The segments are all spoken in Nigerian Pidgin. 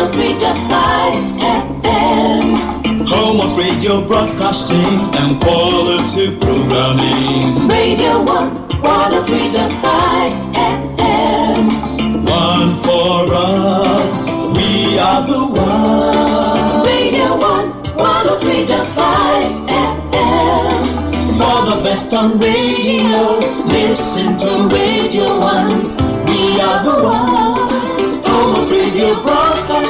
103.5 FM. Home of radio broadcasting and quality programming. Radio 1, 103.5 FM. One for us, we are the one. Radio 1, 103.5 FM. For the best on radio, listen to Radio 1. We are the one. Home of radio broadcasting.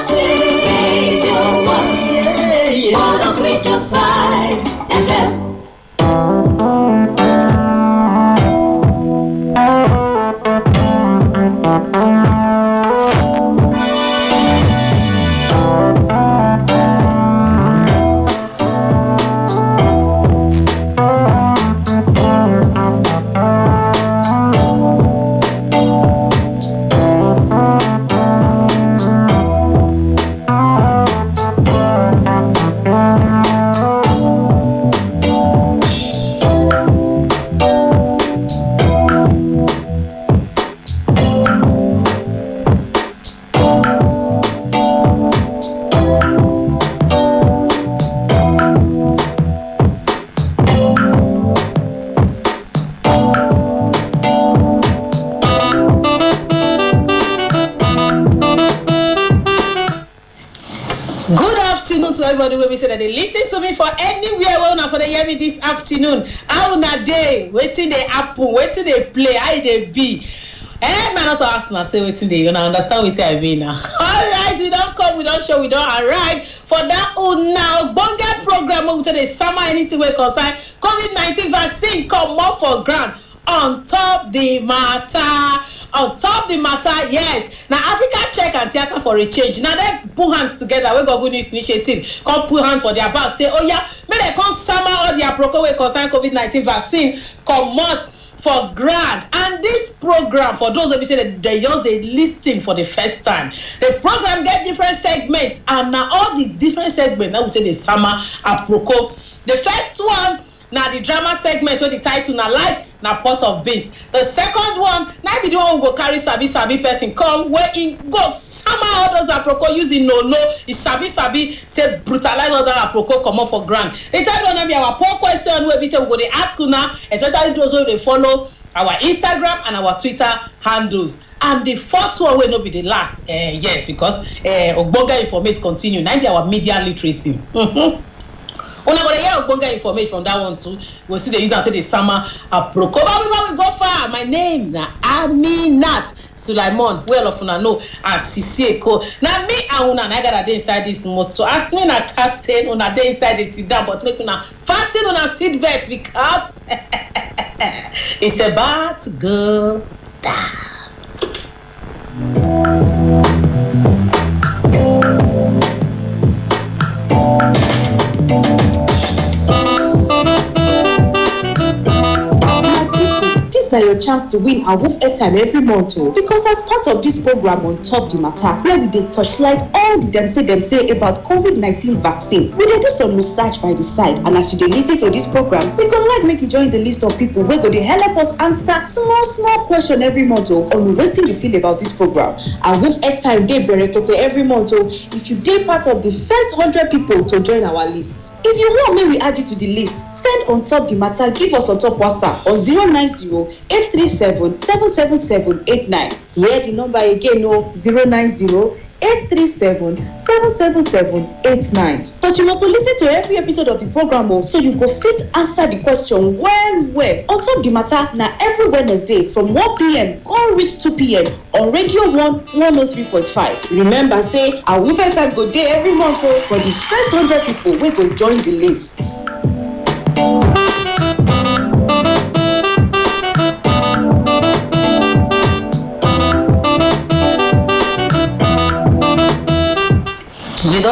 so that dey to me for anywhere wey una for the hear me this afternoon how una day waiting they happen waiting they play how they be eh man not ask now. say today. you una understand wetin i mean now. alright we don't come we don't show we don't arrive for that. Oh now, bunga program wey today. Summer, I need to wey outside. covid nineteen vaccine come off for ground on top the matter. on top the matter yes na africa check and theatre for a change na dem put hand together wey google news initiative come put hand for dia back say oya oh, make dem come sama all di aproko wey concern covid nineteen vaccine comot for grant and dis program for those wey be say dey just dey lis ten for the first time the program get different segments and na all the different segments na we take dey sama aproko the first one na the drama segment wey the title na life na pot of beans the second one na be the one we go carry sabi sabi person come wey e go sama all those aproko use e no no e sabi sabi take brutalize all that aproko comot for ground the third one na be our poor question wey be say we go dey ask una especially those wey dey follow our instagram and our twitter handles and the fourth one wey no be the last uh, yes because uh, ogbonge informate continue na be our media literacy. Mm-hmm una go dey hear ogbonge information from that one too we still dey use am take dey sama aproko but we we go far my name na aminat sulaimon well of una know asisi eko na me and una na gather dey inside dis motor as me na captain una dey inside dey sit down but make una fasten una seat belt because it's about to go down. Hello your chance to win a awoof airtime every month o oh. because as part of this program on top the matter where we did touchlight all the dem say dem say about covid-19 vaccine we did do some research by the side and as you dey lis to this program we can like make you join the list of people where go dey help us answer small small question every month on oh, on wetin you feel about this program awoof airtime dey berekete every month o oh, if you dey part of the first hundred people to join our list if you want may we add you to the list send on top the matter give us on top whatsapp or zero nine zero eight eight three seven seven seven seven eight nine hear the number again o oh, zero nine zero eight three seven seven seven seven eight nine. but you must to lis ten to every episode of the program o oh, so you go fit answer the question well well on top the matter na every wednesday from 1 pm go reach 2 pm on radio one one oh three point five remember say awufe time go dey every month o oh, for the first hundred people wey go join the list.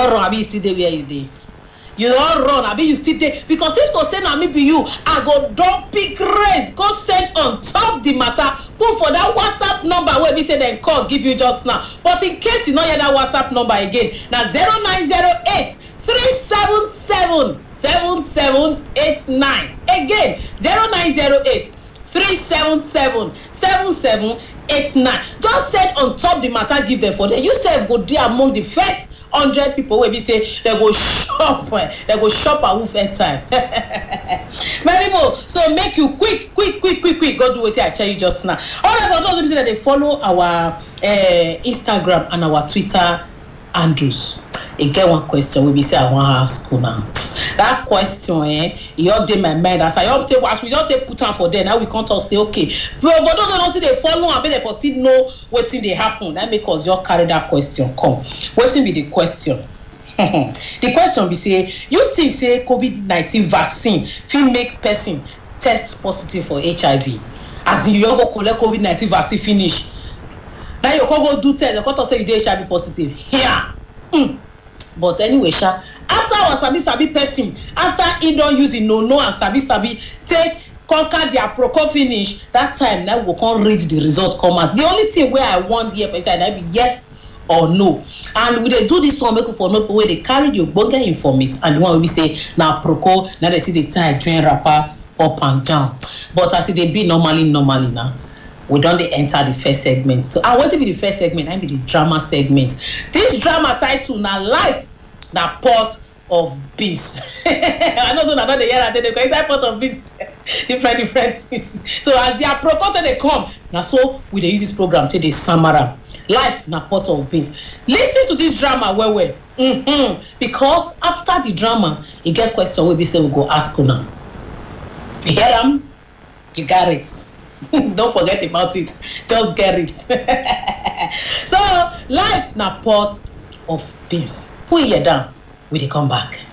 don run abi you still dey where you dey you don run abi you still dey because if to say na me be you i go don pick race go send on top the matter put for that whatsapp number wey be say dem call give you just now but in case you no hear that whatsapp number again na zero nine zero eight three seven seven seven seven eight nine again zero nine zero eight three seven seven seven seven eight nine just send on top the matter give them for there you sef go dey among the first hundred people wey be say dem go chop eh, dem go chop awoof airtime Very well, so make you quick quick quick quick quick go do wetin i tell you just now All alright for those wey be say dem dey follow our uh, instagram and our twitter Andrews. e get one question wey be say i wan ask una that question eh e just dey my mind as i just take as we just take put am for there now we come talk say okay for for those wey don still dey follow am make dem for still know wetin dey happen na make us just carry that question come wetin be the question the question be say you think say covid nineteen vaccine fit make person test positive for hiv as in you don go collect covid nineteen vaccine finish na you come go do test dem come talk say you dey hiv positive yeah. mm. but anyway sha after our sabi sabi person after he don use him know know and sabi sabi take conquer their procon finish that time na we go come read the result come out the only thing wey i want here for inside na be yes or no and we dey do this one make we for know people wey dey carry the ogbonge informate and the one wey be say na procon na dey see the tie join wrapper up and down but as e dey be normally normally na we don dey enter the first segment and wetin be the first segment na be the drama segment this drama title na life na pot of beans i know say una don dey hear that dey dey go inside pot of beans different different things so as their pro con ten dey come na so we dey use this program take dey samar life na pot of beans lis ten to this drama well well mm -hmm. because after the drama e get question wey be say we go ask una you hear am you get it don't forget about it just get it so life na pot of beans Who you're done, we will come back.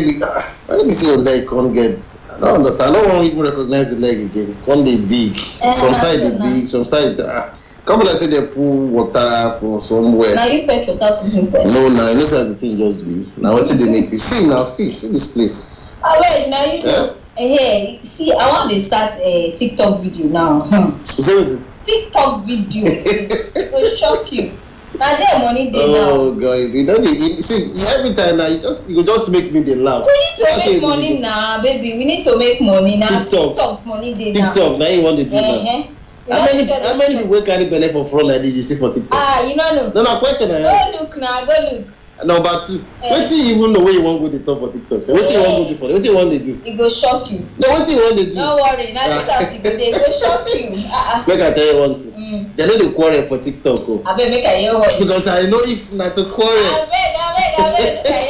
baby, uh, why does your leg Can't get? I don't understand. I don't even recognize the leg again. Can't they big. Yeah, some side they big. Some side. Uh, come like say they pull water from somewhere. Now you fetch water from inside. No, now you know say the thing just be. Now what did they make you see? Now see, see this place. Ah Alright, now you. Yeah? Hey, eh, eh, see, I want to start a eh, TikTok video now. Hmm. TikTok video. it will shock you na there money dey now. oh god you know the. you see every time na you just you just make me the laugh. we need to That's make money na baby we need to make money na tiktok, TikTok money dey now. tiktok na you want to do uh -huh. now. how many how many people wey carry belle for front like this you see for tiktok. ah you no know. no na question i ask. Eh? go look na go look number two eh. wetin you even know wey you wan go dey talk for tiktok sef wetin you wan go do for there wetin you wan dey do. e go shock you. no wetin you wan dey do. no worry na this ah. as you go dey go shock you. Ah, ah. make i tell you one thing. Mm. dem no dey quarrel for tiktok o. Oh. abeg make i hear what. because i know if na to quarrel. abeg abeg abeg make i hear.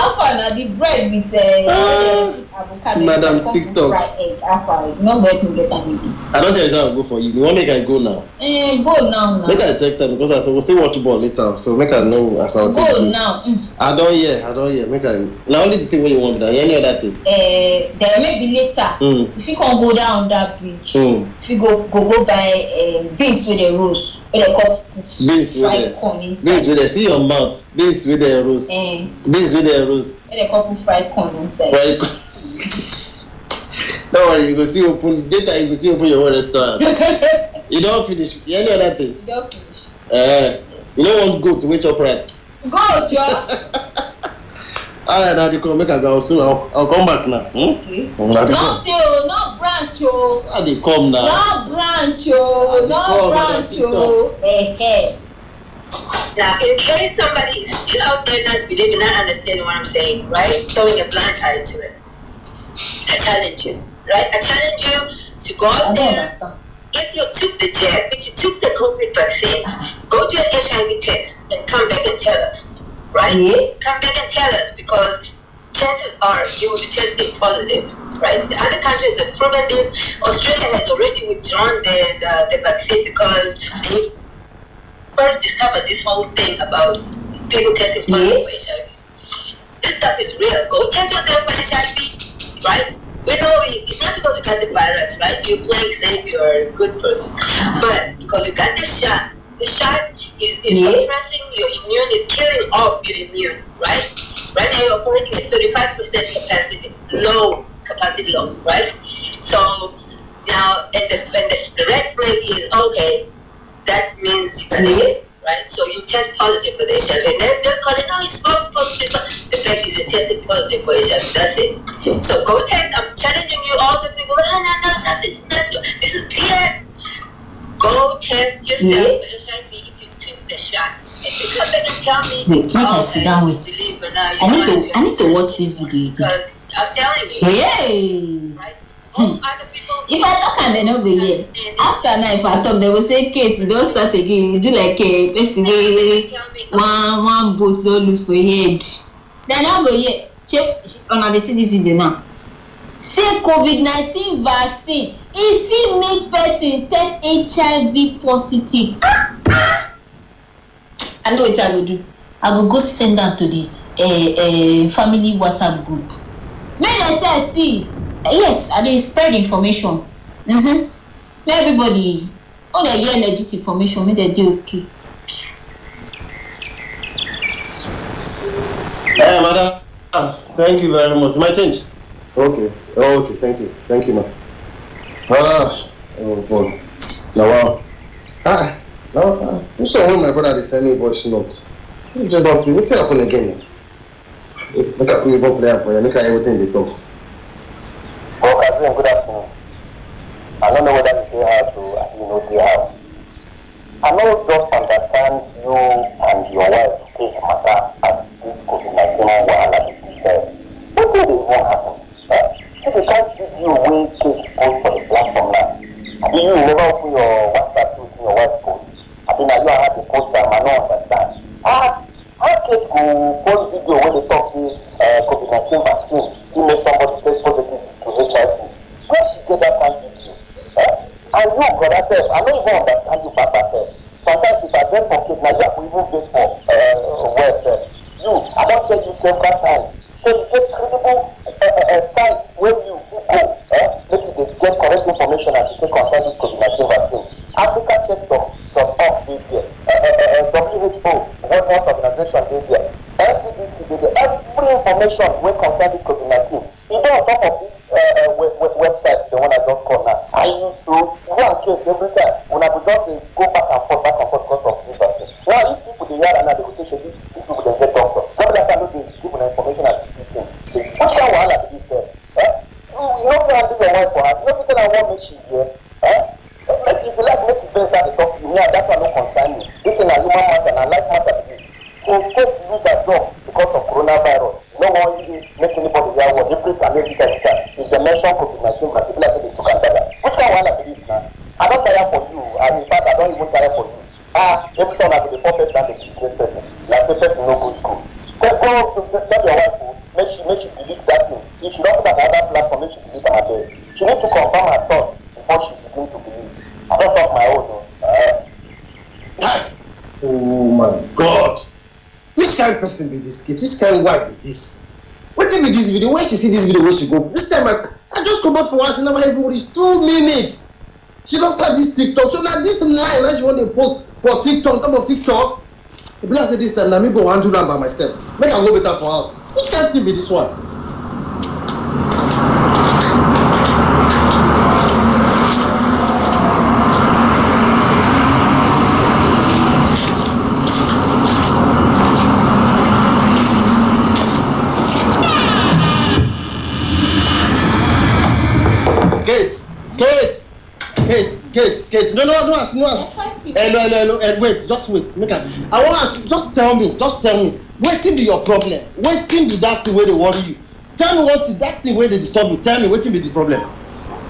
how far na the bread with uh, uh, ah, avocado madam tiktok fried no go help get am i don't tell you say i go for you you wan make i go now. Eh, go now now. make i check time because i suppose still watch ball later so make i know as i go take go. now. Mm. i don hear i don hear make i na only the thing wey you want be na any other thing. Eh, there may be later. Mm. you fit come go down that bridge. Mm. you fit go go go buy um, uh, beans wey dey roast wey dey call put fried corn inside. beans wey dey see your mouth beans wey dey roast. Eh. beans wey dey roast. and a couple fried corn inside. fried corn. no worry you go see open data. you go see open your own restaurant. you don't finish any other thing. you don't finish. Uh, yes. you don't want goat wey chop right. goat all right. Now the call make i go soon i'll, I'll come back now. Hmm? Okay. Not dey not no branch o. i dey come now. Not branch o oh. no branch oh. hey. Now, in case somebody is still out there not believing, not understanding what I'm saying, right? Throwing a blind eye to it. I challenge you, right? I challenge you to go out there. If you took the jab, if you took the COVID vaccine, go do an HIV test and come back and tell us, right? Yeah. Come back and tell us because chances are you will be tested positive, right? The other countries have proven this. Australia has already withdrawn the, the, the vaccine because they first discovered this whole thing about people testing positive yeah. for HIV. This stuff is real. Go test yourself for HIV, right? We know it's not because you got the virus, right? You're playing safe, you're a good person. But because you got the shot, the shot is, is yeah. suppressing your immune, is killing off your immune, right? Right now you're operating at 35% capacity, low capacity low, right? So now, and the, and the red flag is okay, that means you got HIV, right? So you test positive for the HIV. And they're, they're calling, no, it's false positive. The fact is you tested positive for HIV. That's it. So go test. I'm challenging you, all the people. No, no, no, no this is not. This is BS. Go test yourself for HIV if you took the shot. If you come back and tell me. Wait, oh, okay, sit down with. Believe or not, I need to. I need to watch this video. Because I'm telling you. Yay! Right? Hmm. Oh, if i talk am dem no go hear after now if i talk they go say kate don start again you do like a person wey one one boat don lose for head dem no go hear Check. una dey see this video now say covid nineteen vaccine e fit make person test hiv positive ah, ah. i know wetin i go do i go go send am to the uh, uh, family whatsapp group make dem sef see Uh, yes i dey spread information mm-hmm. make everybody all dey hear legit information make dem dey okay. Hey, eh, madam, ah, thank you very much. My change. Okay. Oh, okay. Thank you. Thank you, ma. Ah, oh boy. Now, wow. Ah, now, ah. You saw when my brother they send me voice note. You just don't see what's happening again. Make I put you for player for you. Make I everything they talk. Well, Kazim, good afternoon. I don't know whether you say how to, you know, the I know just understand you and your wife take matter as this COVID-19 wahala itself. What do they want happen? Right? Eh? If they can't give you way cake post for the platform now, I think you never put your WhatsApp to your wife post. I think now you have the post that I don't understand. Ah, How can post video when they talk to uh, COVID 19 vaccine to make somebody test positive to HIV? Where she get that kind of video? Eh? And you, brother, I don't even understand you, Papa, Sometimes if I get for kids, now you have get uh, You, I don't tell you several times. you get credible uh, uh, when you go, get correct information as take COVID 19 vaccine. Africa check some, off World Health Organization dey there, NCDC dey there, every information wey concern the COVID nineteen e dey on top of this uh, uh, web website the one I just call now. I use to go and check every time. biscuit which kind wife be this wetin be dis video when she see this video wey she go this time i i just comot for house never everybody, two minutes she don start this tiktok so na this line na she wan dey post for tiktok top of tiktok e be like say dis time na me go handle am by myself make i go better for house which kind thing be this one. wait no no no ask no ask hello hello hello wait just wait make i i wan ask just tell me just tell me wetin be your problem wetin be that thing wey dey worry you tell me what that thing wey dey disturb you tell me wetin be the problem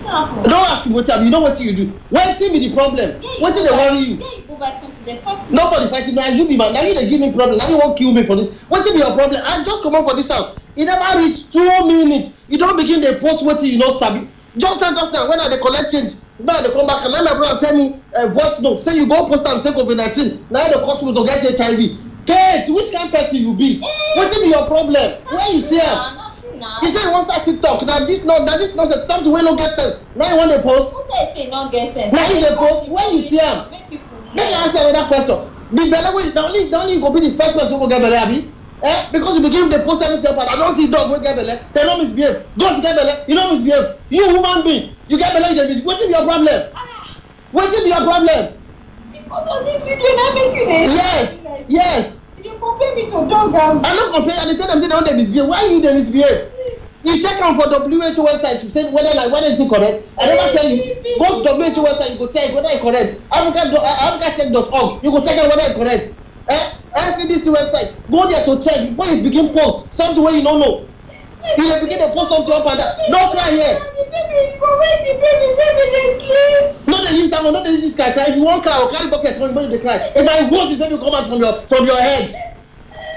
no ask me wetin i be you know wetin you do wetin be the problem wetin dey worry you nobody fighting. you na you be my na you dey give me problem na you wan kill me for this wetin be your problem i just comot for this house e never reach two minutes you don begin dey post wetin you no sabi just now just now when i dey collect change now they come back and now my brother send me uh, voice note say you go post am say covid nineteen na dey cause me to get hiv kate which kind person you be mm. wetin be your problem where you see am he say he wan start tiktok na this no na this nonsense something wey no get sense na he wan dey post who tell say no get sense na he dey post Where you see am make you answer another question the belle wey na only na only you go be the first person wey go get belle abi eh because you begin dey post anything about i don see dog wey get belle dem no misbehave goat get belle you no misbehave you human being you get belle with a biscuit wetin be your problem ah. wetin be your problem. because of this video na make you dey. yes yes. you dey compare me to dog am. i no compare i dey tell dem say dem no dey misbehave why you dey misbehave you check am for who website to say whether like whether it's correct i never tell you go to who website you go check whether e correct africa uh, dot org. you go check out whether it's correct eh ncdc website go there to check before you begin post something wey you no know you dey begin dey post something up and down no cry here. Baby, the baby baby dey sleep. no dey use that one no dey use this cry cry if you wan cry or carry bucket for you make you dey cry if na you hold baby come out from your from your head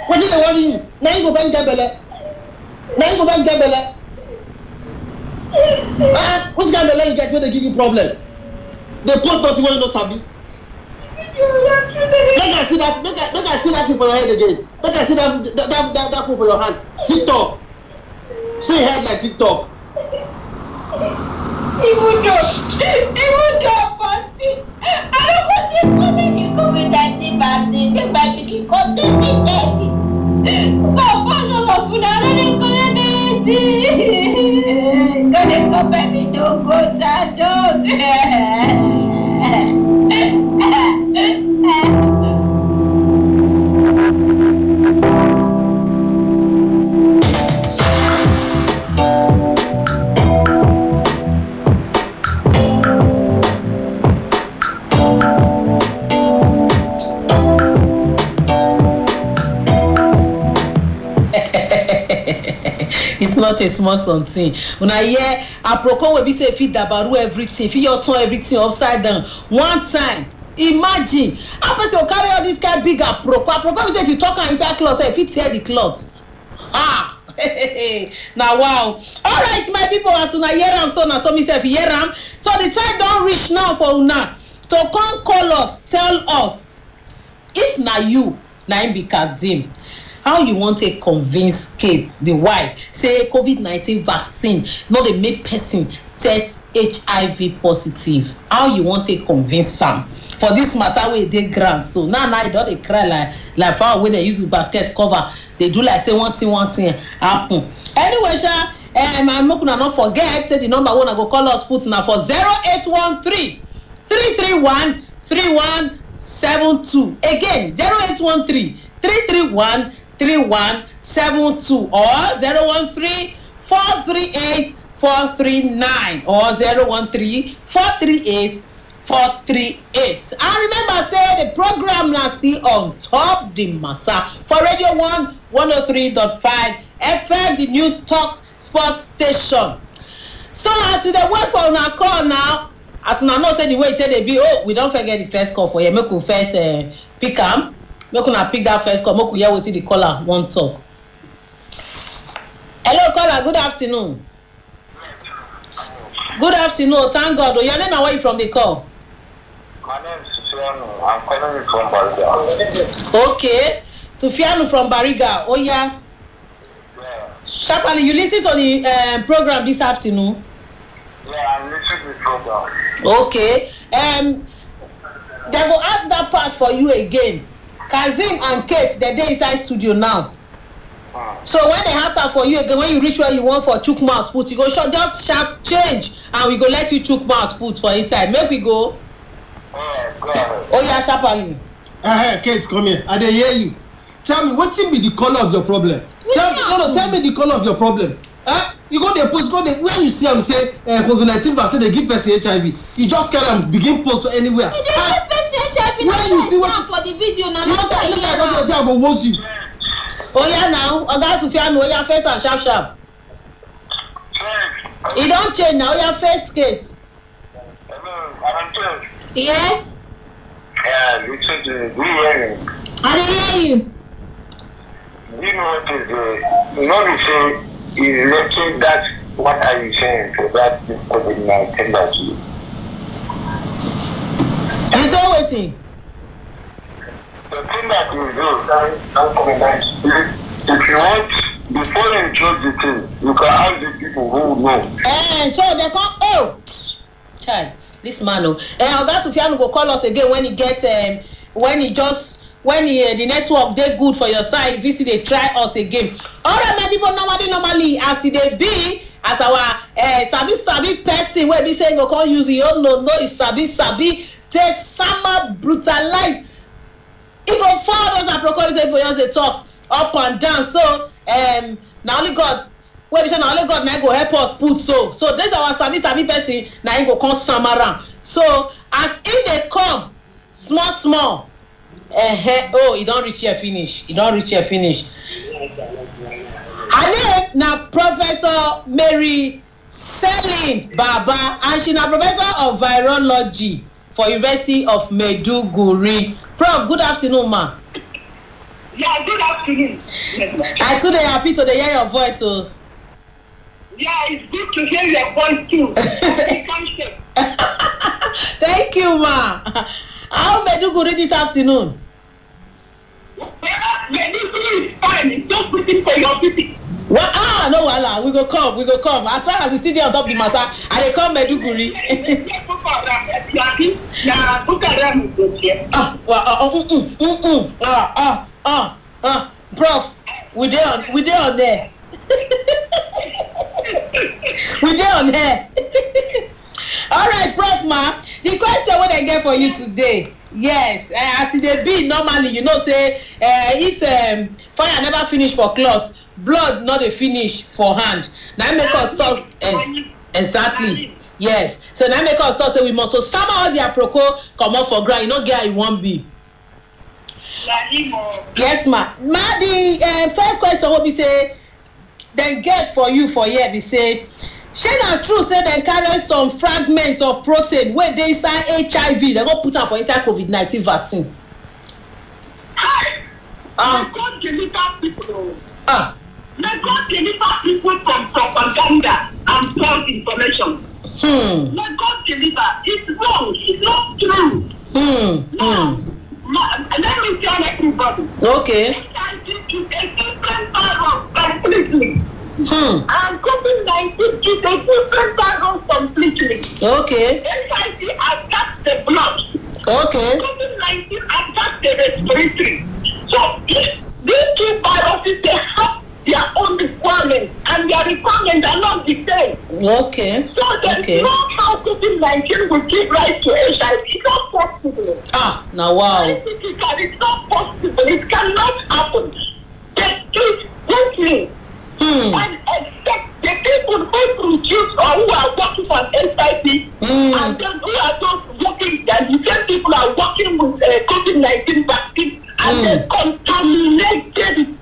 wetin dey worry you na you go first get belle na you go first get belle ah which kind belle you get wey dey give you problem dey post something. wey you no sabi. make i see that make i make i see that thing for your head again make i see that that that that, that thing for your hand tiktok see head like tiktok. even though even though i'm fasting i no go dey come make you come with that thing vaccine make my pikin come take me early papa no go food i no dey collect anything go dey compare me to goat dog. not a small something una hear aproko wey be say fit dabaru everything fit your turn everything upside down one time imagine how person go carry all this kind big aproko aproko be say if you talk am inside cloth sef you fit tear the cloth ah na wow all right my people as una hear am so na so me sef hear am so the time don reach now for una to come call us tell us if na you na him be kazeem how you wan take convince kate the wife say covid nineteen vaccine no dey make person test hiv positive how you wan take convince am for this matter wey dey ground so now now you don dey cry like like fowl wey dem use the basket cover dey do like say one thing one thing happen anyway sha um, and make una no forget say the number wey una go call us put na for zero eight one three three three one three one seven two again zero eight one three three three one three one seven two or zero one three four three eight four three nine or zero one three four three eight four three eight and remember say the program na still on top the matter for radio one one oh three dot five fm the news talk sports station so as we dey wait for una call now as una know say the way e take dey be oh we don forget the first call for here make we first uh, pick am make una pick that first call make we hear wetin di caller wan tok hello caller good afternoon good afternoon oh, thank god o oh, your name and where you from dey call. my name is sufianu i'm calling you from bariga. okay sufianu from bariga oya. Oh, yeah. Yeah. Shapali, you lis ten to the uh, program this afternoon. Yeah, I lis ten to the program. Okay. Um, they will ask that part for you again kazeem and kate dey dey inside studio now ah. so when dey hard am for you again when you reach where you want for chook mouth put you go sh just shout change and we go let you chook mouth put for inside make we go. oya oh, oh, sharparly. Uh, eh, eh, kate come here i dey hear you tell me wetin be the colour of your problem tell me no no tell me the colour of your problem eh? you go dey post go dey when you see am say uh, covid nineteen vaccine dey give person hiv you just carry am begin post anywhere. e dey give person hiv na so i see what for the video na na so i hear am. you know say i don say i go woz you. oya now oga sufianu oya face am sharp sharp. e don change na oya face skate. yes. Yeah, you change the blue wearing. i dey hear you. you know what is eh, the no be say is relating that what are you saying to that COVID nineteen that you. you say wetin. the thing that we do sorry don back if, you want before you judge the thing you can ask the people who know. Eh, so they come oh Child, this man Oh, o oh. eh, oga sufianu go call us again when he gets, um, when he just when e, the network dey good for your side visit dey try us again All ọrẹ mẹdìbò normally normally as e dey be as our uh, sabi sabi person wey be say go come use e own nono e sabi sabi take sama brutalize e go follow those aprocos wey go just dey talk up and down so um, na only god wey be say na only god na e go help us put so so this our sabi sabi person na him e go come sama am so as e dey come small small uh oh you don reach here finish You don reach here finish her name na professor mary selin baba and she na professor of virology for university of maiduguri prof good afternoon ma. yeah good afternoon. i too dey happy to dey hear your voice o. Oh. yeah it's good to hear your voice too. thank you ma. How Meduguri this afternoon? Meduguri is fine. Just waiting for your visit. Well, ah, no wahala. We go come. We go come. As far as we still dey on top the matter, I dey come Meduguri. ah, well, uh, ah, ah, mm -mm, mm -mm, ah, ah, ah, ah, prof, we dey on, we dey on there. we dey on there. all right prof ma the question wey dem get for you today yes uh, as e dey be normally you know say uh, if um, fire never finish for cloth blood no dey finish for hand na make us talk ex exactly yes so na make us talk say we must to sama all the aproko comot for ground you no get how e wan be. yes ma ma the uh, first question wey be say dem get for you for here be say shey na true say dem carry some fragments of protein wey dey inside hiv dem go put am for inside covid nineteen vaccine. hey um, ah. may god deliver people oh. ah. may god deliver people from propaganda and false information. Hmm. may god deliver it's wrong it's not true. Hmm. now hmm. Ma, let me tell everybody. okay. hiv is a different virus completely. Hmm. And COVID 19 is a different virus completely. Okay. HIV attacks the blood. Okay. COVID 19 attacks the respiratory. So if these two viruses, they have their own requirements, and their requirements are not the same. Okay. So there's okay. no how COVID 19 will give rise to HIV. It's not possible. Ah, now wow. It's not possible. It cannot happen. There is, let me. Mm. And except the people who produce or who are working for SIP mm. and then who are those working, that the same people are working with uh, COVID 19 vaccine and mm. they contaminated.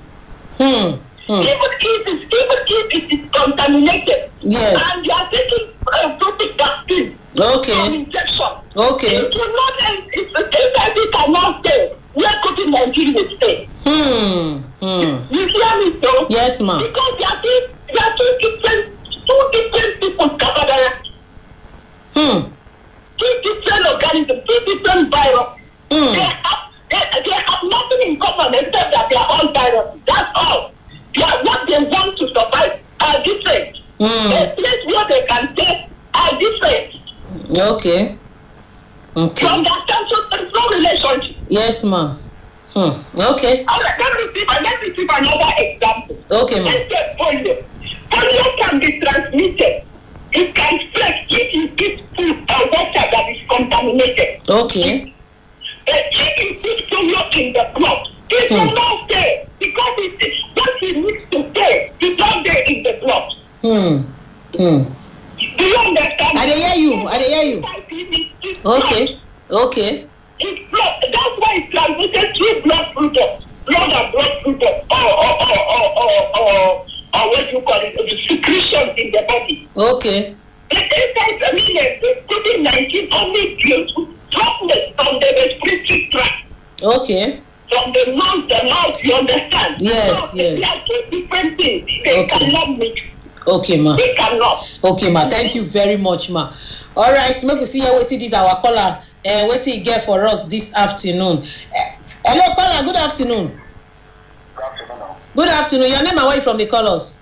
Mm. Mm. Even if it's even if it is contaminated, yes. and you are taking uh, protein vaccine okay. injection, okay. it will not. Uh, it, it, it, cannot stay. where COVID 19 will stay. Hmm. Hmm. You hear me, though? Yes, ma'am. Because there are two, there are two different, two different people covered there. Hmm. Two different organisms, two different virus. Hmm. They, have, they, they have nothing in common except that they are all viruses. That's all. They are what they want to survive are different. Hmm. The place where they can take are different. Okay. Okay. You understand? So there's no relationship. Yes, ma. Hmm. Okay. let me give, another example. Okay, ma. Let's get polio. Polio can be transmitted. It can spread if you eat food or water that is contaminated. Okay. The chicken puts polio in the blood. It's hmm. not stay because it is what he needs to pay. It's not there in the blood. Hmm. Hmm. Do you understand? I hear you. I hear you. Okay. Okay. It's blood. That's why it's transmitted through blood products. Blood and blood products. Or, or, or, or, or, or, or what you call it, the secretion in the body. Okay. The inside the million, COVID-19 only deals with toughness from the respiratory tract. Okay. From the mouth, the mouth, you understand? Yes, so, yes. They are two different things. They okay. cannot mix. Okay, ma. They cannot. Okay, ma. Thank you very much, ma. All right, make we see here wetin dis our caller uh, eh, wetin he get for us this afternoon uh, hello caller good afternoon. good afternoon. good afternoon your name and where you from dey call us.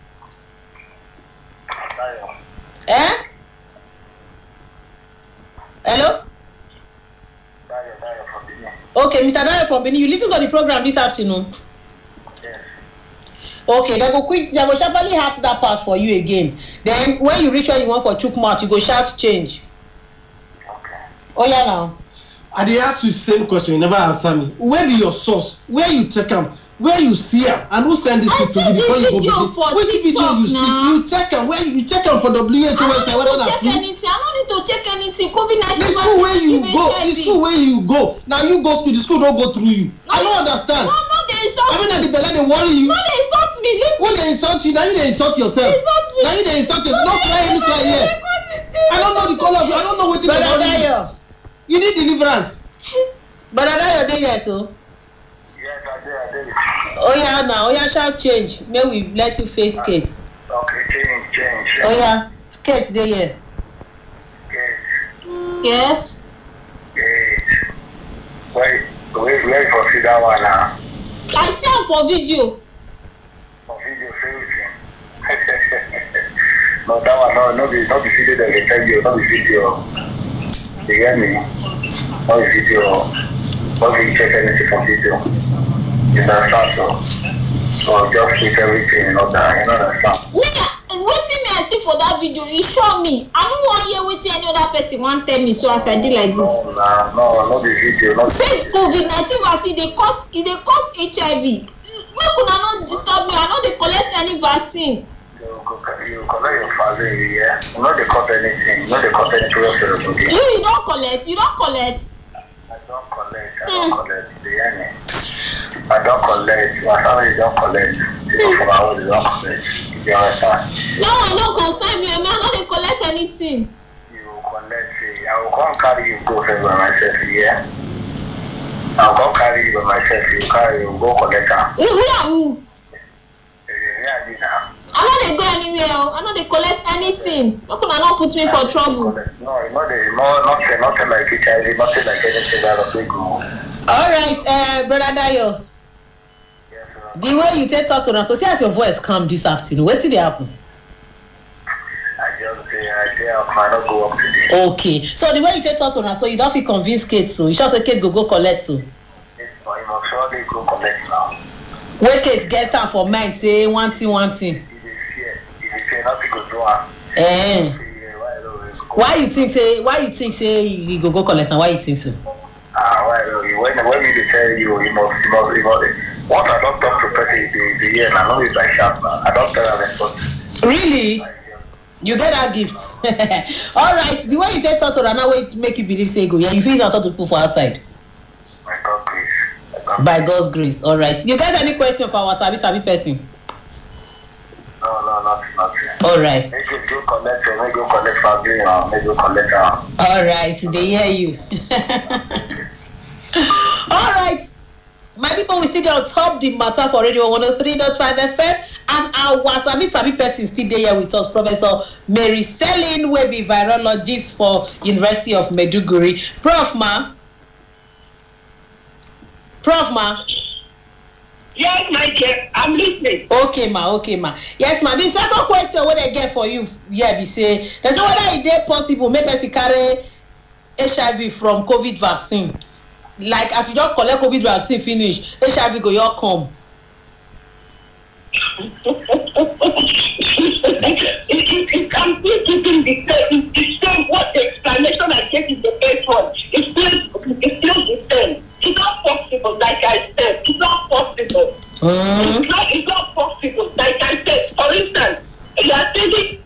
Eh? hello. Dayo, Dayo from Benin. okay mr Dayo from Benin you lis ten to the program this afternoon. Yes. okay dem go quick dem go sharply heart that part for you again then when you reach where you wan for chook mouth you go shout change. Oh yeah, now. I they ask you same question. You never answer me. Where be your source? Where you take them? Where you see them? And who send this I to you before you go begin? Which video you now. see? You check them. Where you check them for WHO website? you na true. I need to check anything. I don't need to check anything. COVID nineteen This school where you go. This school where you go. Now you go school. The school Don't go through you. No, I not understand. No, no, they insult me. I mean they the belle dey worry you. No, they insult me. Leave me. Who insult you? Na you they insult yourself. Insult me. Na you dey insult yourself. No cry any cry here. I don't know the colour of you. I don't know what you are doing. you need deliverance. brother dayo dey yes o. yes i dey i dey. oya oh, na oya oh, sharp change May we let you face uh, kate. okay change change. Oh yeah, kate there, here. kate. yes. wait wait wait for see that one na. Ah. i see am for video. for video say wetin. no that one no no be no be video dem dey tell you no be video ìyá mi wọ́n fi fídíò wọ́n fi check anything for fídíò ìgbà wetin me i see for that video e show me i no wan hear wetin any other person wan tell me so as i dey like this. no no no video no. say covid nineteen vaccine dey cause e dey cause hiv make una no disturb me i no dey collect any vaccine you collect don collect you don collect. i don collect i don collect you dey hear me i don collect my family don collect for my house don collect you dey understand. no i no concern you emi i no dey collect anything. you collect i go come carry you go first by myself yeah i go come carry you by myself you carry you go collect am. you where are i no dey go anywhere o oh. i no dey collect anything make una no put me for trouble. no e no dey no nothing nothing like hiv nothing like anything that of dey go. all right uh, brother dayo yes, the way you take talk to una so see as your voice calm this afternoon wetin dey happen. i just dey i dey up i no go work today. okay so the way you take talk to una so you don fit convince kate so you sure say kate go go collect so. yes ma you must surely go collect now. wey kate get am for mind say one thing one thing. Eh. eh why you think say why you think say you go go collect and why you think so. ah well, when when we dey tell you you must you must you must what i don't talk to person the dey hear na no be by sharp i don't tell them respect. really you get that gift all right the way you take talk to rana wey make you believe say go yeah, you feel that talk to people for outside. by god's grace by god's grace all right you guys any question for our service sabi person. All right. Make you do make you collect make you collect. Uh, uh. All right, they hear you. All right. My people, we still on top the matter for Radio 103.5 FM, and our Wasami Sabi person still there here with us, Professor Mary Selin, will be virologist for University of Meduguri. Prof, ma. Prof, ma. Yes, my dear, I'm listening. Okay, ma. Okay, ma. Yes, ma. The second question, what I get for you, here, be say, there's no whether it dey possible make person carry HIV from COVID vaccine. Like as you just collect COVID vaccine finish, HIV go your come. it can still keeping the same. It's the same. What the explanation I get is the best one. It's still, it's still the same. It's not possible. Like I Mm. It's, not, it's not possible. Like I said, for instance, you are taking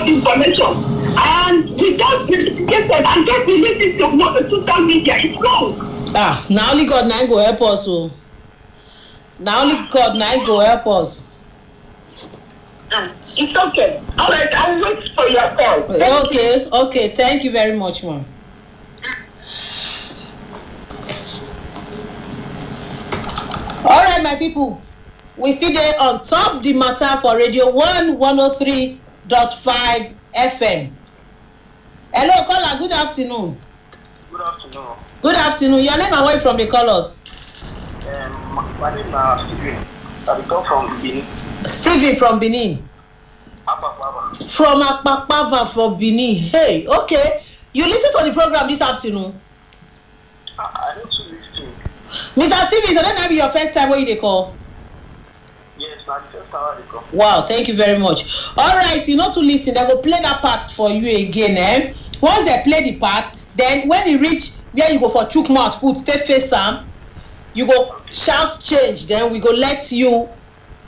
all information. And we just get them and just release it to social media. It's wrong. Ah, now only God now go help us. Oh. Now only God now go help us. Mm, it's okay. All right, I'll wait for your call. Thank okay, you. okay. Thank you very much, ma'am. all right my people we still there on top the matter for radio one one oh three dot five fm. hello caller good afternoon. good afternoon. good afternoon your name and where you from dey call us. Um, my name na Steven. i dey come from benin. Steven from benin. apapava. from apapava for benin hey okay you lis ten to the program this afternoon. i, I no too lis ten. mr stephen so na be your first time wey you dey call. Wow, thank you very much. All right, you know to listen, they go play that part for you again, eh? Once they play the part, then when you reach where you go for chook mouth put, stay face am, you go shout change, then we go let you,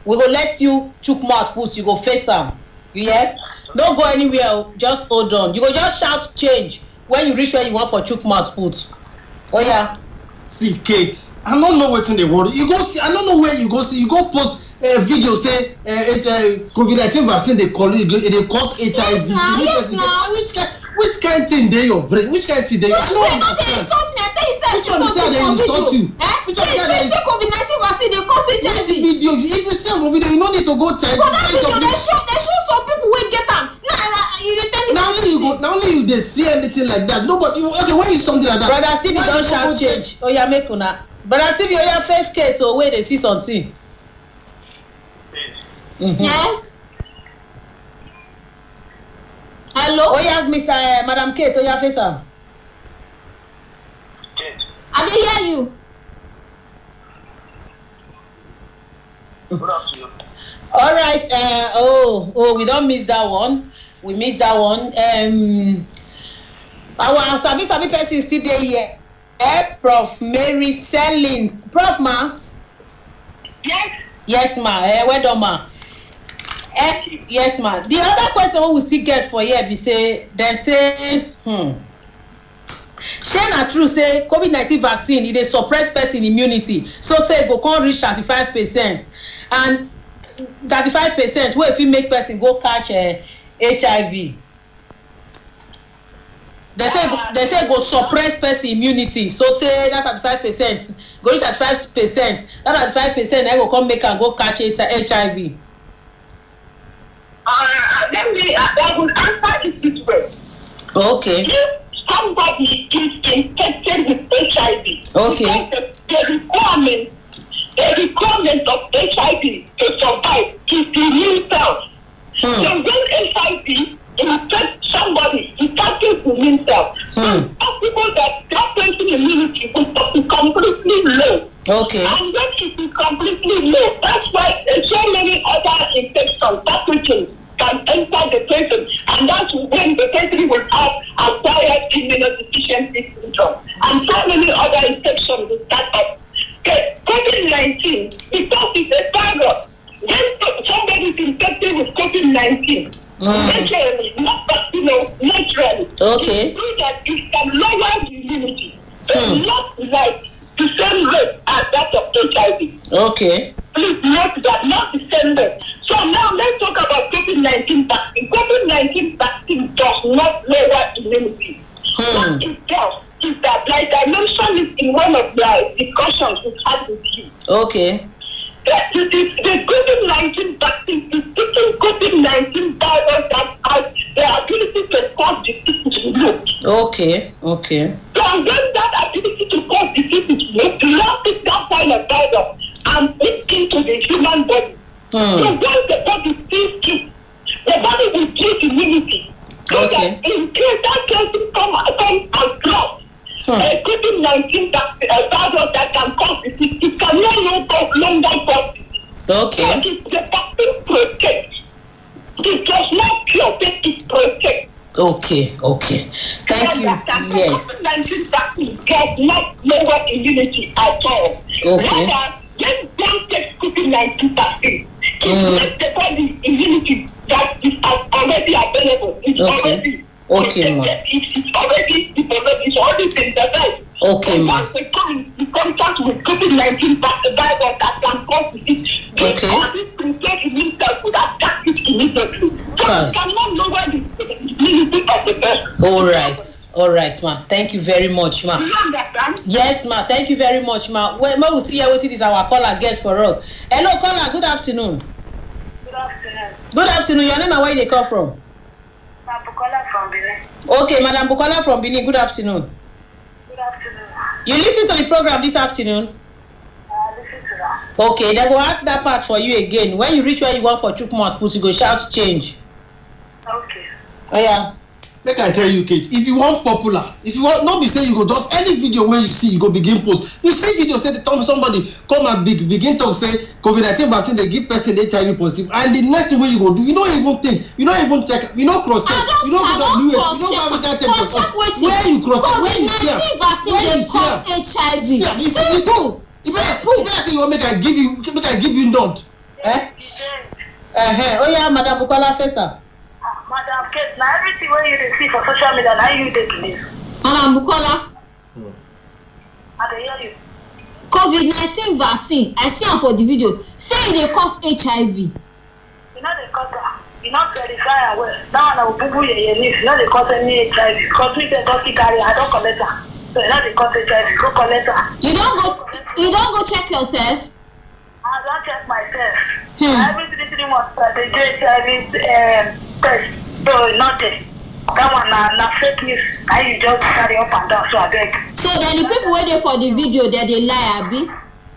we go let you chook mouth put, you go face am. You hear? No go anywhere, oh, just hold on. You go just shout change when you reach where you want for chook mouth put. Oh yeah. See, Kate, I don't know wetin dey worry you go see I don't know where you go see you go post uh, video say uh, uh, covid nineteen vaccine dey e cause hiv yes na yes na which kind which kind thing dey your brain which kind thing dey your brain i no understand which one be say i dey insult you which one say i insult you covid nineteen vaccine dey cause hiv which video if you see am for video you no need to go check for that video they show they show some people wey get am na na you dey tell me only you go na only you dey see anything like that nobody you okay when you something like that brother steve don shout change oya make una brother steve oya face kate to oh, where dey see something. Mm-hmm. yes. hello. ó yá mr uh, madam kate ó oh, yá face am. kate. i dey hear you. all right uh, oh oh we don miss that one we miss that one um, our sabi sabi person still dey here eh, prof mary selling prof ma. yes. yes ma eh, well done ma and yes ma the other question we still get for here be say they say hmm, Share na true say covid nineteen vaccine it e dey suppress person immunity so tey e go come reach thirty-five percent and thirty-five percent wey e fit make person go catch uh, eh, hiv They say they say go suppress person immunity so tey that thirty-five percent go reach thirty-five percent that thirty-five percent na go come make am go catch hiv. Uh, let me, uh, I will answer Okay. If somebody is infected with HIV, okay. The, requirement, the requirement of HIV to survive is immune cells. Hmm. So when HIV infect somebody. He can't take to himself. Hmm. It's possible that that person immunity will be completely low. Okay. And that should be completely low. That's why uh, so many other infections, pathogens, can enter the patient, and that's when the patient will have acquired immunodeficiency syndrome. And so many other infections will start up. COVID 19, because it's a target, when somebody is infected with COVID 19, Mm. Literally, not you know, literally. Okay. It's that it can lower the immunity. It's hmm. not like the same rate as that of HIV. Okay. Please note that, not the same rate. So now let's talk about COVID-19 vaccine. COVID-19 vaccine does not lower immunity. Hmm. What it does is that, like I mentioned it in one of the discussions we had with you. Okay. the, the COVID-19 vaccine is that ability to cause disease is low. Okay, okay. to that kind of virus and put into the human body. Mm. So when the body sees to, the body will build immunity. So okay. that in case that person come, come across, hmm. Eh, 19 that, uh, eh, that can cause it, it, can no longer, longer cause it. Okay. But it, the vaccine protects. It does not cure, it protects. Okay, okay. Thank you. Yes. 19 does not at all. Okay. mm. the hmm. that is already available. okay. already Okay, ma. It's, it's already, it's already, it's already synthesized. Okay, so ma. Once come in contact with COVID-19 virus that can cause disease, okay. the body prepares itself with attack it immediately. So okay. it cannot lower the immunity of the person. All right. All right, ma. Thank you very much, ma. You understand? Yes, ma. Thank you very much, ma. Well, ma, we'll see here what it is our caller get for us. Hello, caller. Good afternoon. Good afternoon. Good afternoon. Your name and where you dey come from? Bukola from Benin. Okay, Madam Bukola from Benin, good afternoon. Good afternoon. You listen to the program this afternoon? Okay, uh, listen to that. Okay, go ask that part for you again. When you reach where you want for put you go shout change. Okay. Oh, yeah. make i tell you kate if you wan popular if you wan no be say you go just any video wey you see you go begin post you see video say they somebody come and be, begin talk say covid nineteen vaccine dey give person hiv positive and the next thing wey you go do you no even think you no even check you no cross check you no go who you no go africa check for check where you cross check where you share where you share hiv simple simple even say you wan make i give you make i give you nod. ẹ ẹ oya madam bukola fesa madam kate na everything wey you dey see for social media na you dey believe. madam bukola hmm. i dey hear you. covid nineteen vaccine i see am for the video say e dey cause hiv. e no dey cause am e no verify am well dat one na obubu yeye news e no dey cause any hiv because me sef don still carry i don collect am so e no dey cause hiv go collect am. you don go you don go check yourself. i don check myself. Hmm. every three three months i dey do hiv um, eh, test So nothing. no dey that one na na fake news na you just carry up and down so abeg. so then the people wey dey for the video dem dey lie abi.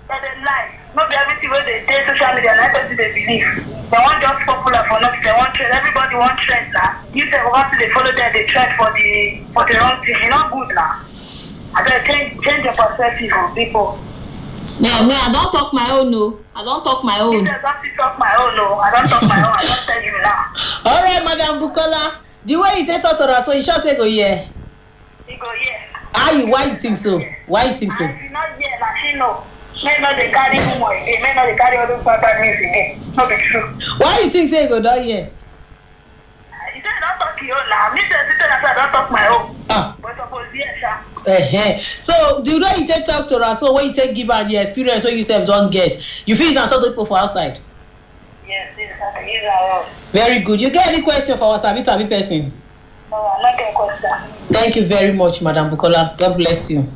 dem dey lie no be everything wey dey dey social media na everybody dey believe dem wan just popular for nothing dem wan trend everybody wan trend na you sef over to dey follow dem dey trend for the for the wrong thing e no good na abeg change change your perspective on people. na me i don talk my own o. Oh. No. I don't talk my own. I don't talk my own. No, I don't talk my own. I don't tell you now. All right, Madam Bukola. The way you take talk to her, so you sure say go yeah. He go yeah. you? why you think so? Why you think so? I not yeah, like she know. Men no they carry woman again. Men no they carry all those bad bad news again. No be true. Why you think say go don hear? You say I don talk your own Now, Me too, I still you say I don't talk my own. Ah. But Uh-huh. so the way you take talk to her so when you take give her the experience wey you sef don't get you feel use am talk to people for outside. yes this is can very good you get any question for our sabi sabi person. no I'm not get question. thank you very much madam bukola god bless you.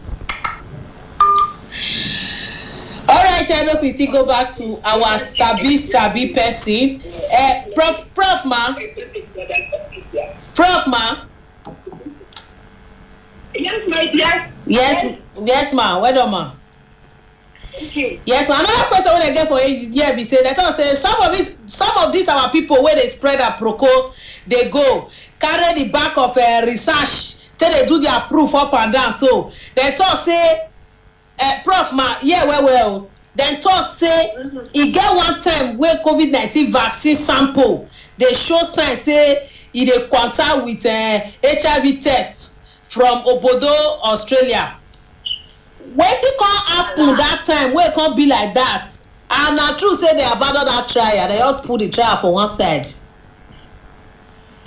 alright i make we still go back to our sabi sabi person uh, prof prof ma prof ma. Yes, my dear. Yes, yes, ma. Well done, ma. Okay. Yes, ma. another question wey I get for you here be say that one say some of these some of these our people wey dey spread aproko dey go carry the back of uh, research take dey do their proof up and down so dem talk say uh, prof ma hear yeah, well well dem talk say mm -hmm. e get one time wey covid nineteen vaccine sample dey show sign say e dey contact with uh, eh, hiv test from obodo australia wetin come happen that time wey e come be like that and na true say they abandon that trial they just put the trial for one side.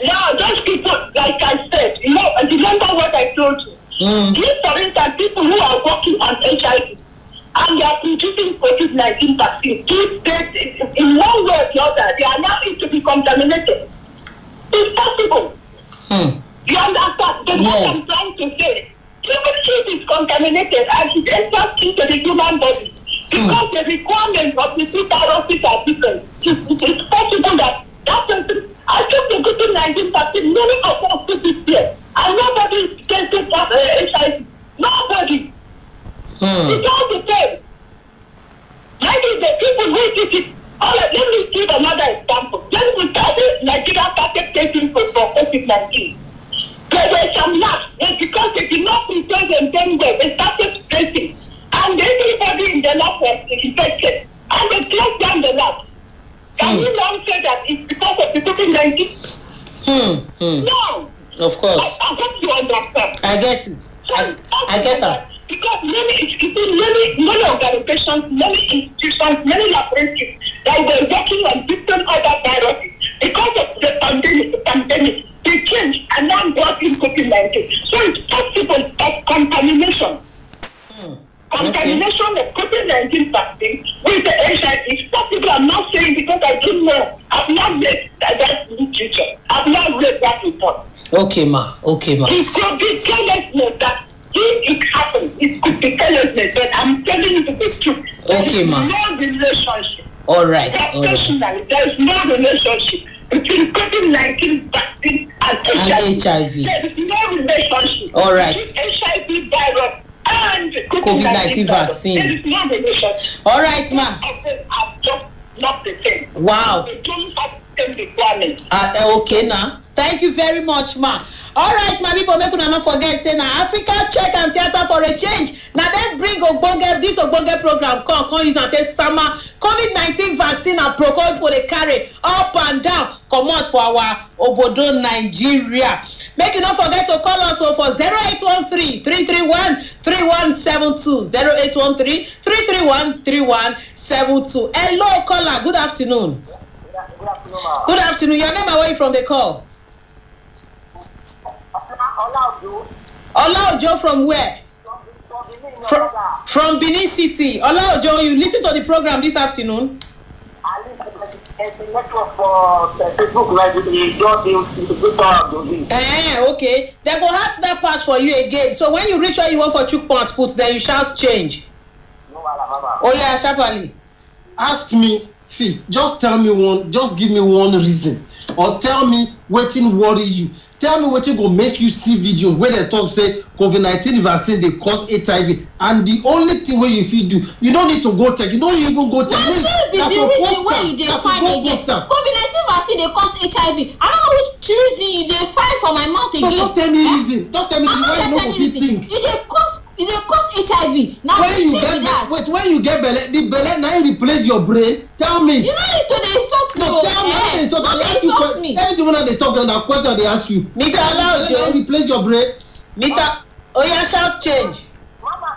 yeah those people like i said you know remember what i told you. Mm. give for instance people who are working on hiv and they are producing covid nineteen vaccine if they in one way or the other they are now going to be contaminated Is possible. Mm. You understand? That's yes. what I'm trying to say. even seed is contaminated and it enters into the human body. Because mm. the requirements of the two viruses are different. It's, possible that that person, I took the good in 1913, many of us took it here. And nobody is tested for HIV. Uh, nobody. Mm. It's all the same. Maybe the people who did it, all right, let me give another example. When we started, Nigeria started taking food for COVID-19 they some laughed because they did not prepare them very well. They started spreading, And everybody in the lab was infected. And they closed down the lab. Can hmm. you now say that it's because of the COVID 19? Hmm. Hmm. No. Of course. I, I hope you understand. I get it. So, I, I get that. Because many, many, many organizations, many institutions, many laboratories, that were Okay, ma. Okay, ma. It's your big carelessness that if it happened. it could be carelessness. But I'm telling you the truth. There okay, ma. No relationship. All right. All right. There is no relationship between COVID 19 vaccine and, and HIV. HIV. There is no relationship. All right. HIV virus and COVID 19 vaccine. There is no relationship. All right, ma. Often are just not the same. Wow. They don't have the same requirements. Uh, okay, now thank you very much ma alright my people, make una no forget say na africa check and theatre for a change na dem bring ogbonge dis ogbonge program come come use am take sama covid nineteen vaccine and protocol for dey carry up and down comot for our obodo nigeria make you no forget to call us o oh, for zero eight one three three three one three one seven two zero eight one three three three one three one seven two hello caller good afternoon. good afternoon, good afternoon. your name and where you from dey call. Ọláòjó. Ọláòjó from where? From, from, from Benin City. Ọláòjó, you listen to the program this afternoon. I listen to the network for uh, Facebook like uh, the just the Eh, okay. They go ask that part for you again. So when you reach where you want for chook pants put, then you shout change. oh yeah, sharply. Ask me, see, just tell me one, just give me one reason, or tell me what wetin worry you tell me wetin go make you see video wey dey talk say covid-19 vaccine dey cause hiv and the only thing wey you fit do you no need to go check you no even go check wait na for post am na for go post am. covid-19 vaccine dey cause hiv i no know which reason you dey find for my mouth again. no just tell me eh? reason just tell me reason why you no go fit think. e dey cause e dey cause hiv na when you get belle wait when you get belle the belle na you replace your brain tell me you no need to dey insult me o no tell me no dey eh, insult me i ask you question everything wey i dey talk na question i dey ask you mr alaojo na you replace your brain. mr oya shout change Mama,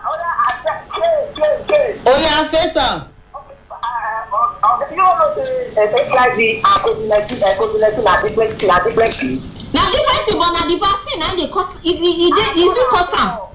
oya face am. Uh, uh, you all know say uh, hiv and covid nineteen covid nineteen na different na different thing. na different thing but na the vaccine na dey cause e dey e fit cause am.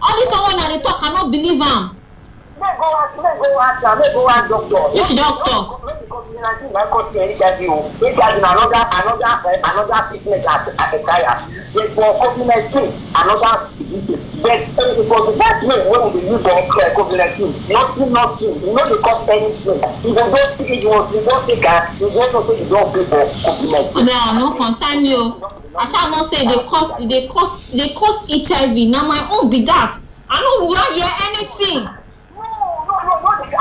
all this one na dey talk i no believe am. make go ask make go ask am make go ask doctor. which doctor. make you go to nigeria like cause you hiv o hiv na another another another sickness at at a time dey for covid another disease but uh, for we dey use for uh, covid nineteen nothing nothing e no dey cause anything you go don see you go see don take am you go know no concern me o. Oh i shall not say dey cause dey cause dey cause hiv na my own be that i no wan hear anything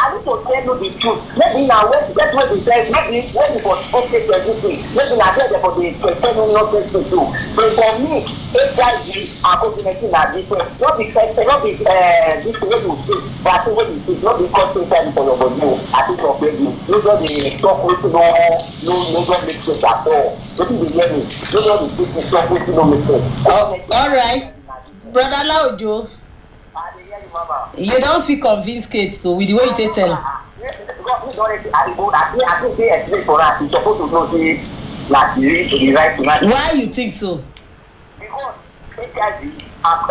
I need to tell you the truth. Maybe na where get where the best, maybe where you for okay to everything. Maybe na there they for the to tell you nothing to do. But for me, HIV and COVID-19 na different. No be first, no be uh, this way you see, but I think when you see, no be constant time for your body. I think your baby, you just dey talk wetin no no no just make sense at all. Wetin dey hear me? No just dey talk wetin no make sense. Oh, all right, brother Laojo you don fit convince kate so with the way you take tell am. why you think so. because hiv and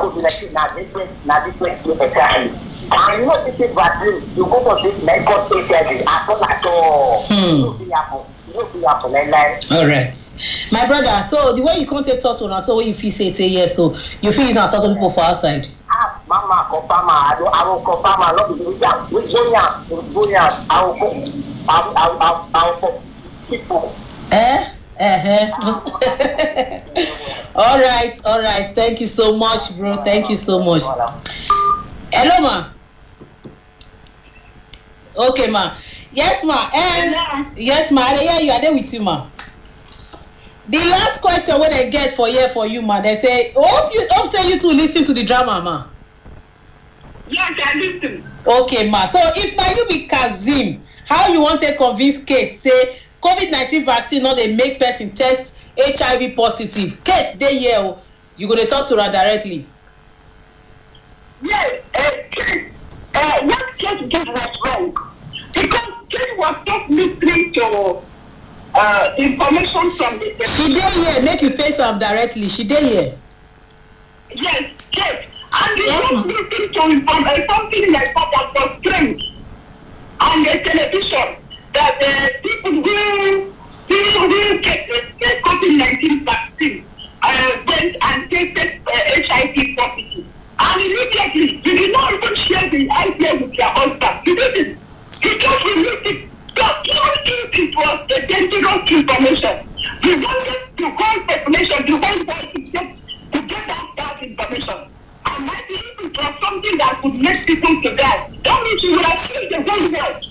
go to like say na different na different way entirely and you know say say vaccine you go for this like god take care of at all at all. no fit happen no fit happen my brother so the way you come take talk to una so wey you feel say tey yes so you fit use am talk to people for outside. ah mama kɔ fama alo awo kɔ fama lɔbi nidza nizonya nizonya awo kɔ awo awo awo kɔ pipo. ɛ eh? ɛhɛ eh, eh. all right all right thank you so much bro thank you so much hello ma okay ma yes ma and um, yes ma i dey hear you i dey with you ma the last question wey dem get for here for you ma dem say hope you hope say you too lis ten to the drama ma yes i lis ten. okay ma so if na you be kazeem how you wan take convince kate say covid nineteen vaccine no dey make person test hiv positive kate dey here o you go dey talk to her directly. yes uh, uh, what kate did was wrong because kate was just listening to uh, information from the. she dey here make you face am directly she dey here. yes kate And the yes. don't listen to uh, something like that that was strange on the television that the uh, people will people will get the uh, COVID nineteen vaccine uh, went and tested uh, HIV positive. And immediately, you did not even share the idea with your husband. You didn't. You just released it. But you think it was the dangerous information. You wanted the whole population, the whole world to get, to get out that information. I might be looking for something that could make people to die. That means you would have killed the whole world.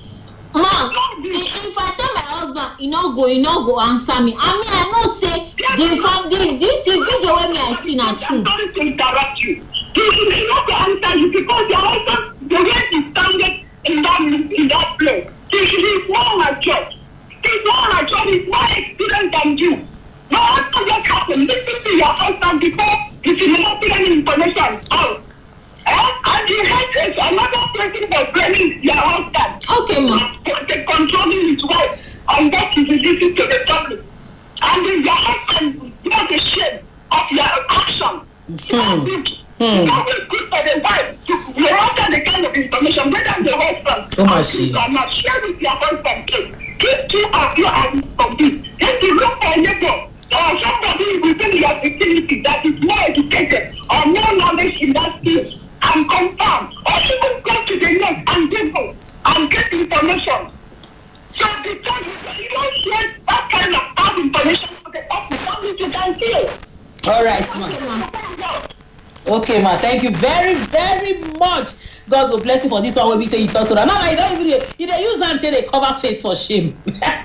Mom, if I tell my husband, he no go, he no go answer me. I mean, I know say the from the this the video where me I see na true. I'm Sorry to interrupt you. He he no go answer you because your husband the way he standing in that in that place. He he is more church. He is more mature. He is more experienced than you. No, what does that happen? Listen to your husband before you should not any information out. Eh? And you hate it. Another person was blaming your husband. Okay, ma. The controlling his wife. And that is releasing to the public. And then your husband is not ashamed of your action. Hmm. Hmm. That is good for the wife to record the kind of information whether the husband oh, or not share with your husband. Keep two of you as complete. If you look for a neighbor, somebody within your vicinity that is more educated or more knowledge in that field and confirm or even go to the net and Google and get information. So because you don't share that kind of bad information to the public, that means you can feel. All right, ma. Okay, ma. Thank you very, very much. God go bless you for this one wey be say you talk to am. Mama, you don even dey you dey use am take dey cover face for shame.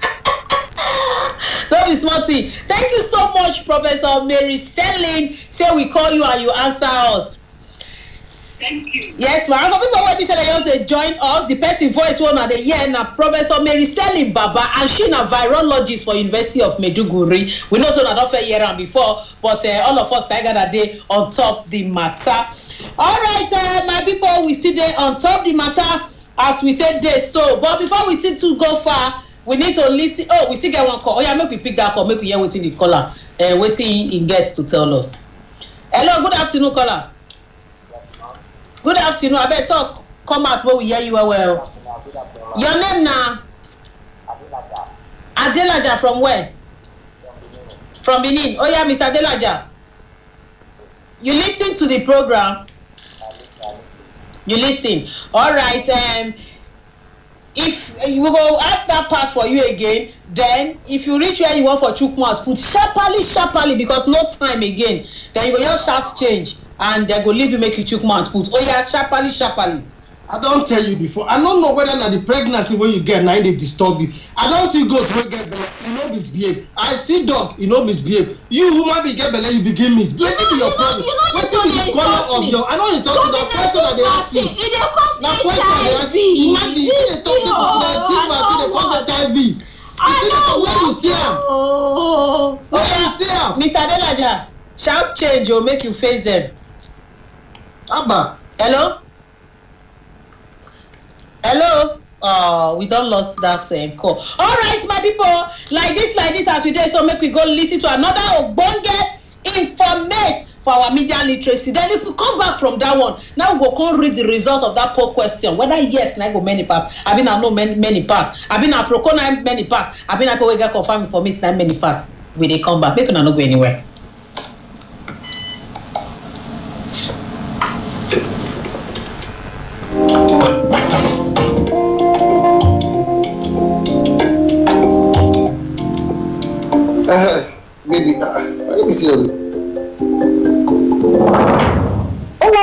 no be small thing thank you so much professor mary selling say we call you and you answer us. Thank you. Yes, ma. for people wey be say they just dey join us, the person voice one una the hear now, Professor Mary Selling Baba and she na virologist for University of Maiduguri. We know say una not fair hear am before, but uh, all of us na gather dey on top the matter. All right, uh, my people, we still there on top the matter as we take this. so. But before we still to go far, we need to lis ten oh we still get one call oya oh, make we pick that call make we hear wetin the caller uh, wetin e get to tell us hello good afternoon caller good afternoon abeg talk come out wey we hear you well well your name na adelaja from where from benin oya oh, yeah, mr adelaja you lis ten to the program you lis ten all right um, if eh, you go ask that part for you again then if you reach where you want for chook mouth put sharply sharply because no time again then you go just shout change and they go leave you make you chook mouth put oh yeah, sharply sharply. I don tell you before. I no know whether na the pregnancy wey you get na im dey disturb you. I don see goat wey get belle, e no misbehave. I see dog, e no misbehave. You human being get belle, you begin misbehave. Wetin be your problem? Wetin be the colour of your? I no insult you. Na question I dey ask you. Na question I dey ask you. Imagine you see the talk say people dey think man say dey cause HIV. You see the talk when you see am. When you see am. Mr Adelaja, shout change o oh, make you face dem. Abba. Hello hello uh, we don lost that uh, call right, my people. like this, like this, as we dey so make we go lis ten to anoda ogbonge informate for our media literacy then if we come back from that one now we go come read the result of that poll question whether yes na go many pass abi na no many many pass abi na proko na many pass abi na pipo wey get confam informate na many pass we dey come back make una no go anywhere. Uh, maybe. Hello,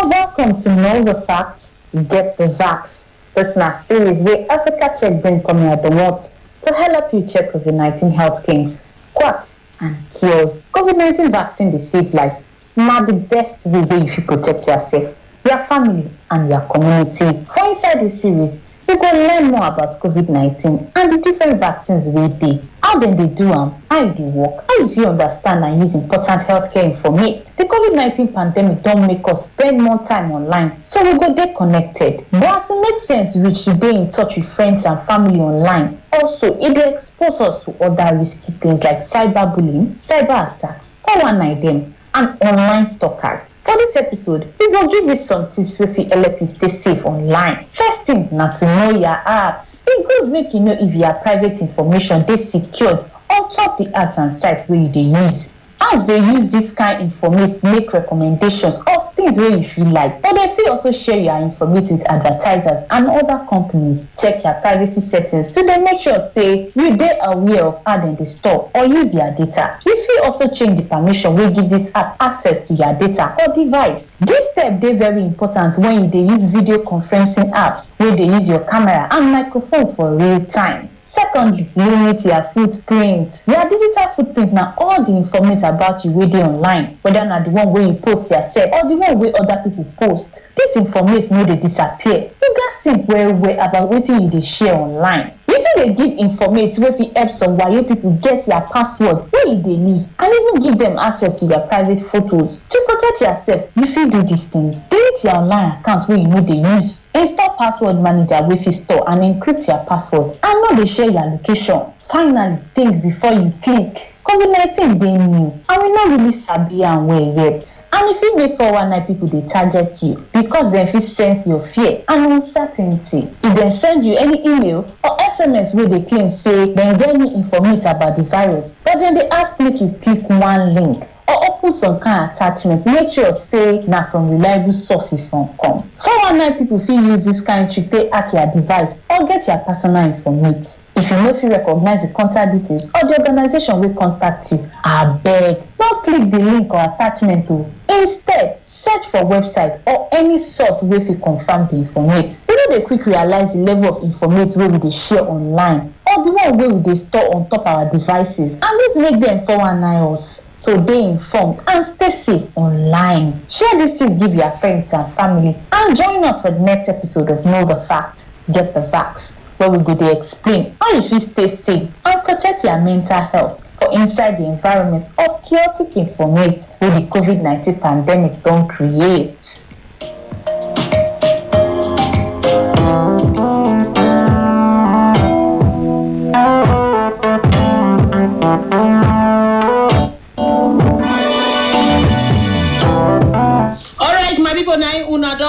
welcome to Know the Facts, Get the Vax. This is series where Africa Check bring coming to the what to help you check COVID 19 health claims, quacks, and cures. COVID 19 vaccine to save life. Now the best way wey you protect yourself, your family, and your community. For inside this series, we go learn more about covid-19 and the different vaccines we dey how dem dey do am how e dey work how you fit understand and use important healthcare informate The covid-19 pandemic don make us spend more time online so we go dey connected but as e make sense reach to dey in touch with friends and family online also e dey expose us to other risky things like cyberbullying cyber attacks 419 dem and online stalkers For this episode, we go give you some tips wey you help you stay safe online. First thing na to know your apps. E good make you know if your private information dey secure. on top the apps and sites wey you dey use. As they use this kind of informate make recommendations of things where you feel like but they fit also share your informate with advertisers and other companies check your privacy settings to dey make sure say you dey aware of how dem dey store or use your data you fit also change the permission wey give this app access to your data or device This step dey very important when you dey use video conferencing apps wey dey use your camera and microphone for real time secondly limit your footprint your digital footprint na all the information about you wey dey online whether na the one wey you post yourself or the one wey other people post this information no dey disappear you gats think well well about wetin you dey share online wetin dey give informate wey fit help some wayo pipo get their password wey e dey need and even give dem access to their private photos to protect yourself you fit do these things delete your online account wey you no dey use install password manager wey fit store and encrypt your password and no dey share your location finally think before you click covid nineteen dey new and we no really sabi am well yet And if you make 419 people, they target you because they fit sense your fear and uncertainty. If they send you any email or SMS where they claim say they get me informate about the virus, but then they ask make you click one link or open some kind of attachment make sure say na from reliable sources. from come. four one nine people fit use this kind trick take hack your device or get your personal informate. if you no fit recognize the contact details or the organization wey contact you abeg no click the link or attachment o instead search for website or any source wey fit confirm the informate. we no dey quick realize the level of informate wey we dey share online or the one wey we dey store on top our devices and this make dem 419 us. So dey informed and stay safe online. Share this tip give your friends and family and join us for the next episode of Know the Fact, Get the Facts where we go dey explain how you fit stay safe and protect your mental health for inside the environment of chaotic informate wey the COVID-19 pandemic don create.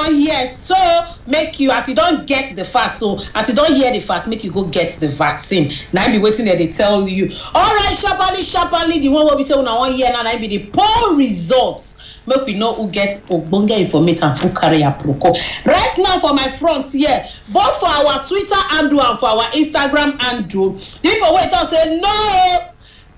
don hear so make you as you don get the fact so as you don hear the fact make you go get the vaccine na im be wetin dem dey tell you alright sharparly sharparly the one wey be say una wan hear now na be the poll result make we know who get ogbonge information and who carry am proko right now for my front here both for our twitter handle and for our instagram handle the people wey talk say no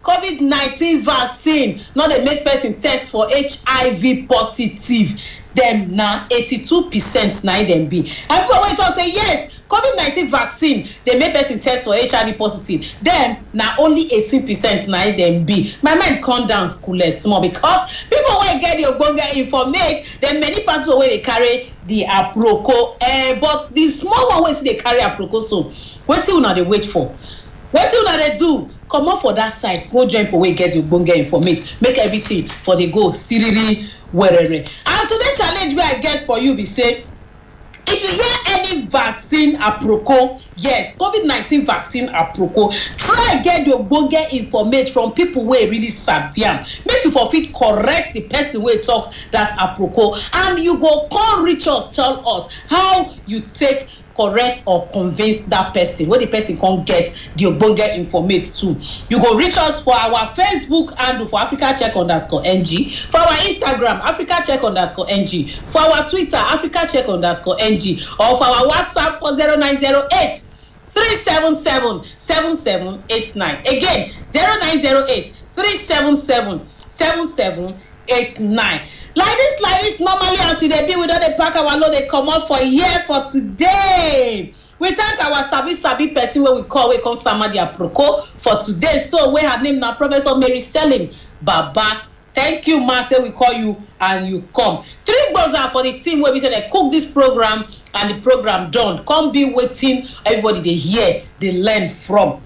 covid nineteen vaccine no dey make person test for hiv positive dem na eighty-two percent na dem be and people wey talk say yes covid nineteen vaccine dey make person test for hiv positive dem na only eighteen percent na dem be my mind come down coolẹ̀ small because people wey get the ogbonge informate dem many pass people wey dey carry the aproko uh, but the small one wey still dey carry aproko so wetin una dey wait for wetin una dey do comot for dat side go join for wey get di ogbonge informate make everything for dey go siriri werere and today challenge wey i get for you be say if you hear any vaccine aproko yes covid nineteen vaccine aproko try get di ogbonge informate from pipo wey really sabi am make you for fit correct di person wey talk dat aproko and you go come reach us tell us how you take correct or convince that person wey the person come get the ogbonge informate too you go reach us for our facebook handle for africa check ng for our instagram africa check ng for our twitter africa check ng or for our whatsapp for zero nine zero eight three seven seven seven seven eight nine again zero nine zero eight three seven seven seven seven eight nine like this like this normally as we dey be we don dey pack our load dey comot for here for today we thank our sabi sabi person wey we call wey come sama their proko for today so wey her name na professor mary selim baba thank you ma say we call you and you come three gboza for the team wey be say dey cook this program and the program done come be wetin everybody dey hear dey learn from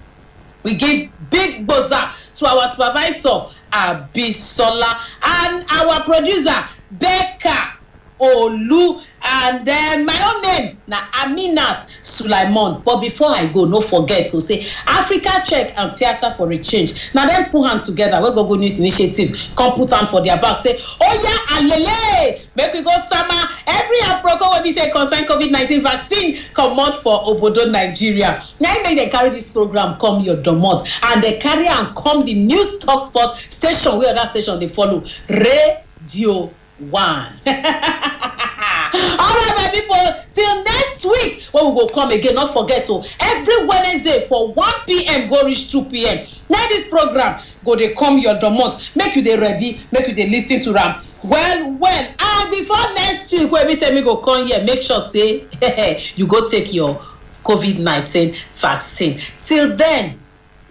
we give big gboza to our supervisor Abisola and our producer Becca Olu and then my own name na aminat Sulaimon. but before i go no forget to say africa check and theatre for a change na dem pull hand together wey google news initiative come put hand for their back say oya oh alele make we go sama every aproko wey be say concern covid nineteen vaccine comot for obodo nigeria na im make dem carry dis program come your domot and dem carry am come di news talk spot station wey oda station dey follow radio one. all right my people till next week when we go come again not forget to every wednesday for 1pm go reach 2pm Now this program go dey come your domot make you dey ready make you dey listen to Ram. well well and before next week when be say me go come here make sure say you go take your covid 19 vaccine till then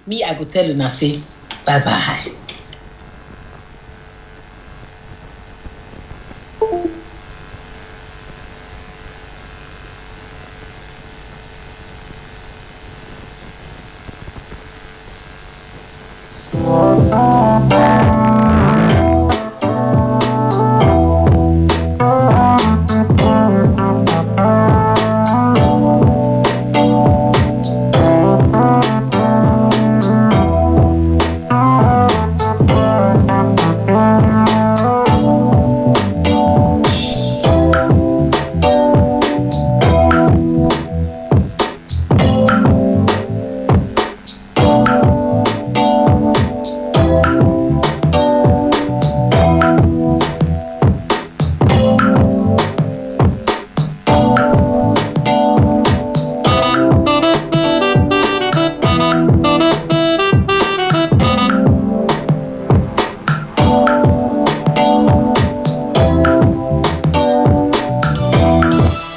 me i go tell you now say bye bye.